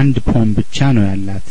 አንድ ፖም ብቻ ነው ያላት